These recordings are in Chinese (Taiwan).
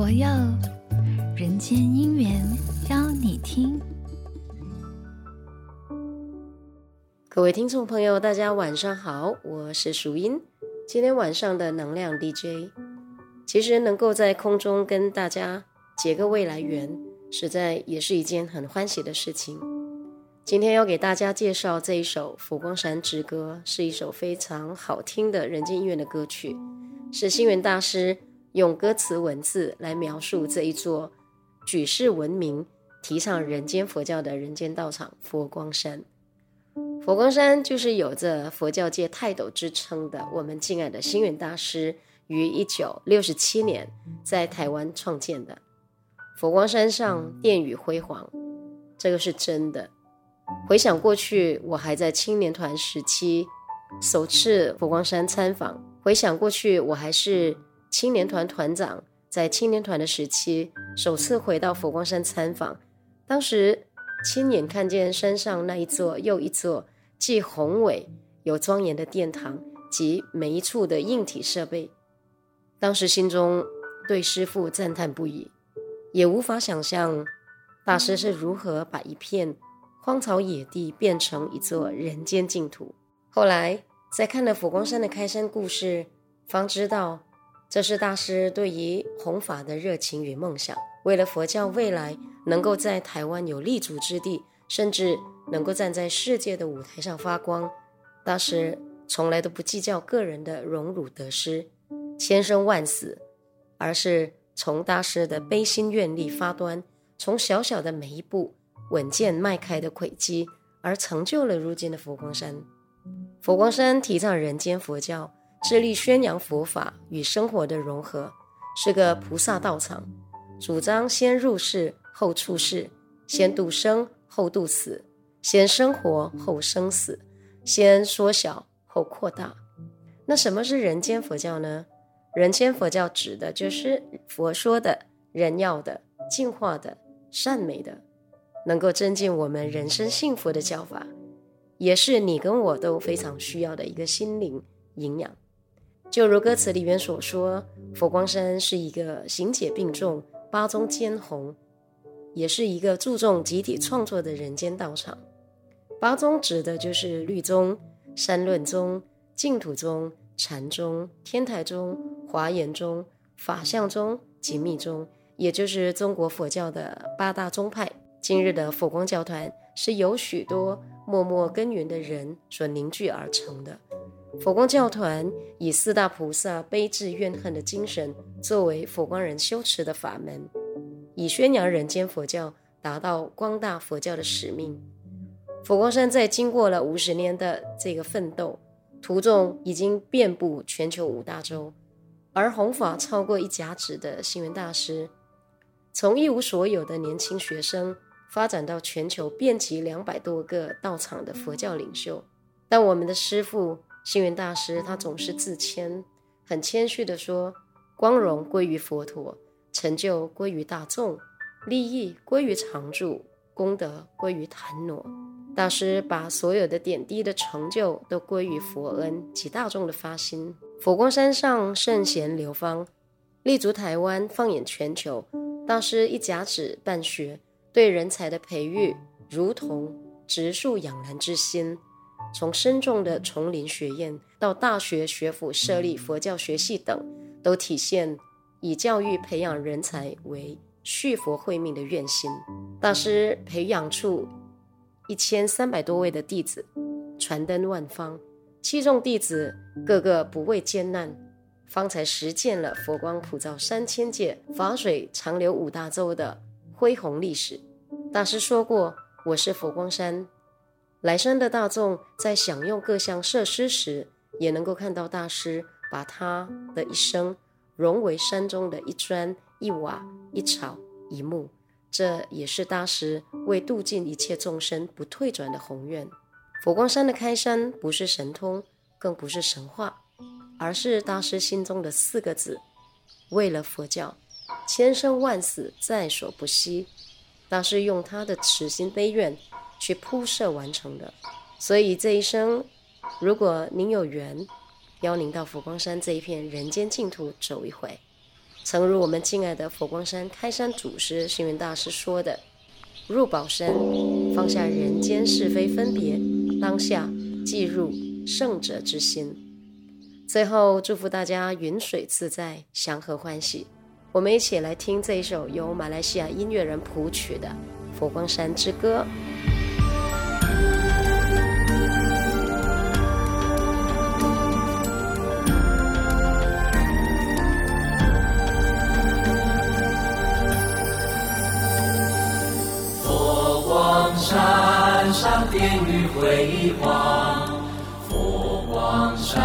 我要人間音緣，邀你聽。各位聽眾朋友，大家晚上好，我是淑音，今天晚上的能量 DJ。其實能夠在空中跟大家結個未來緣，實在也是一件很歡喜的事情。今天要給大家介紹這一首《佛光山之歌》，是一首非常好聽的人間音緣的歌曲，是星雲大師。用歌詞文字來描述這一座舉世聞名、提倡人間佛教的人間道場——佛光山。佛光山就是有着佛教界泰斗之稱的我們敬愛的星雲大師於一九六七年在台灣創建的。佛光山上殿宇輝煌，這個是真的。回想過去，我還在青年團時期首次佛光山參訪；回想過去，我還是。青年團團長在青年團的時期，首次回到佛光山參訪，當時親眼看見山上那一座又一座既宏偉又莊嚴的殿堂及每一處的硬體設備，當時心中對師父讚嘆不已，也無法想象大師是如何把一片荒草野地變成一座人間淨土。後來在看了佛光山的開山故事，方知道。這是大師對於弘法的熱情與夢想。為了佛教未來能夠在台灣有立足之地，甚至能夠站在世界的舞台上發光，大師從來都不計較個人的榮辱得失，千生萬死，而是從大師的悲心願力發端，從小小的每一步穩健邁開的軌跡，而成就了如今的佛光山。佛光山提倡人間佛教。致力宣揚佛法與生活的融合，是個菩薩道場，主張先入世後出世，先度生後度死，先生活後生死，先縮小後擴大。那什麼是人間佛教呢？人間佛教指的就是佛說的、人要的、淨化的、善美的，能夠增進我們人生幸福的教法，也是你跟我都非常需要的一個心靈營養。就如歌詞裡面所說，佛光山是一個行解並重、八宗兼弘，也是一個注重集體創作的人間道場。八宗指的就是律宗、三論宗、淨土宗、禪宗、天台宗、華嚴宗、法相宗及密宗，也就是中國佛教的八大宗派。今日的佛光教團是由許多默默耕耘的人所凝聚而成的。佛光教團以四大菩薩悲智願行的精神作為佛光人修持的法門，以宣揚人間佛教、達到光大佛教的使命。佛光山在經過了五十年的這個奮鬥徒眾，已經遍佈全球五大洲，而弘法超過一甲子的星雲大師，從一無所有的年輕學生發展到全球遍及兩百多個道場的佛教領袖。但我們的師父。星雲大師他總是自謙，很謙虛地說：“光榮歸於佛陀，成就歸於大眾，利益歸於常住，功德歸於檀那。”大師把所有的點滴的成就都歸於佛恩及大眾的發心。佛光山上聖賢流芳，立足台灣，放眼全球。大師一甲子辦學，對人才的培育，如同植樹養蘭之心。從深重的叢林學院到大學學府設立佛教學系等，都體現以教育培養人才為續佛慧命的願心。大師培養出一千三百多位的弟子，傳燈萬方，七眾弟子個個不畏艱難，方才實踐了“佛光普照三千界，法水長流五大洲”的恢宏歷史。大師說過：“我是佛光山。”來山的大眾在享用各項設施時，也能夠看到大師把他的一生融為山中的一磚一瓦、一草一木，這也是大師為度盡一切眾生不退轉的宏願。佛光山的開山不是神通，更不是神話，而是大師心中的四個字：為了佛教，千生萬死在所不惜。大師用他的慈心悲願，去鋪設完成的，所以這一生，如果您有緣，邀您到佛光山這一片人間淨土走一回。誠如我們敬愛的佛光山開山祖師星雲大師說的：“入寶山，放下人間是非分別，當下即入聖者之心。”最後祝福大家雲水自在，祥和歡喜。我們一起來聽這一首由馬來西亞音樂人譜曲的《佛光山之歌》。輝煌，佛光山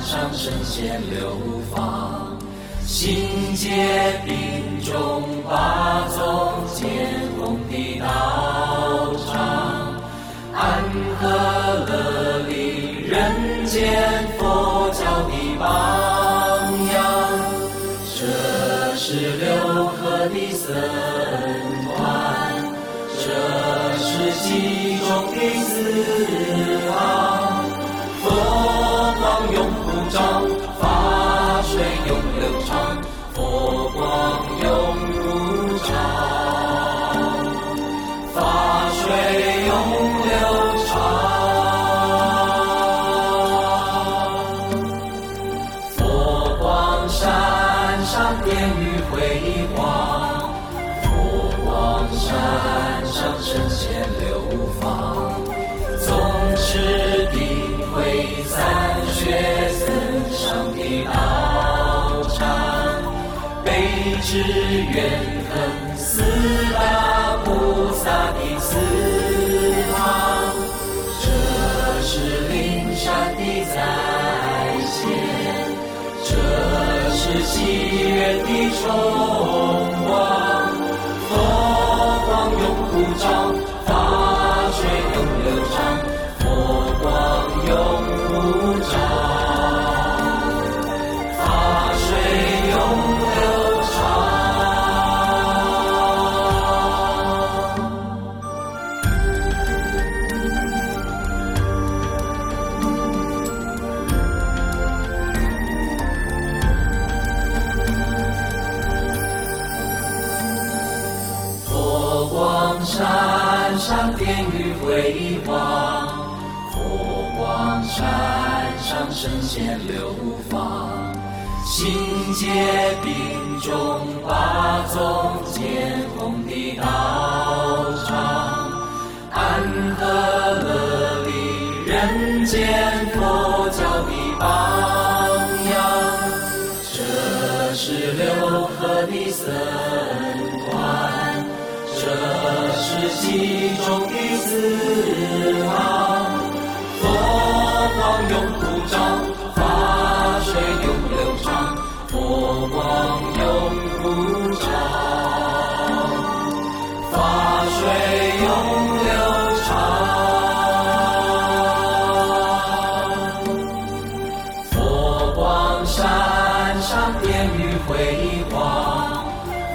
上，聖賢流芳，行解並重，八宗兼弘的道場，安和樂利，人間佛教的榜樣。這是六和的僧團，這是。眾弟子啊，佛光永不照。是願行四大菩薩的四方，這是靈山的再現，這是祇園的重光。上殿宇輝煌，佛光山上聖賢流芳，行解並重，八宗兼弘的道場，安和樂利，人間佛教的榜樣，這是六合的森。心中的四郎佛光永不照，法水永流長，佛光永不照，法水永流長。佛光山上殿宇輝煌，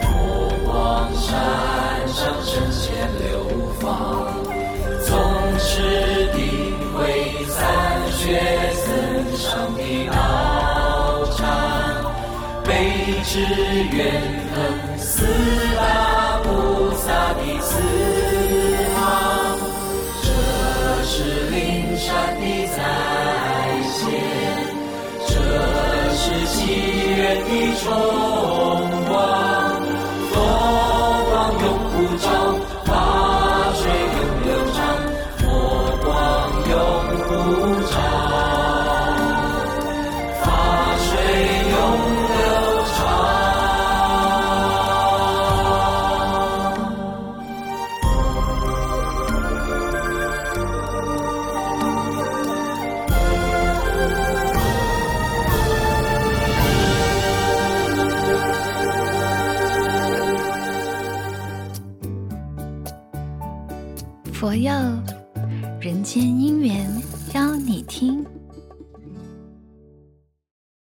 佛光山上聖賢。光，總是定慧，三學增上的道場，悲智願恆，四大菩薩的慈航。這是靈山的再現，這是祇園的重。我要人間音緣。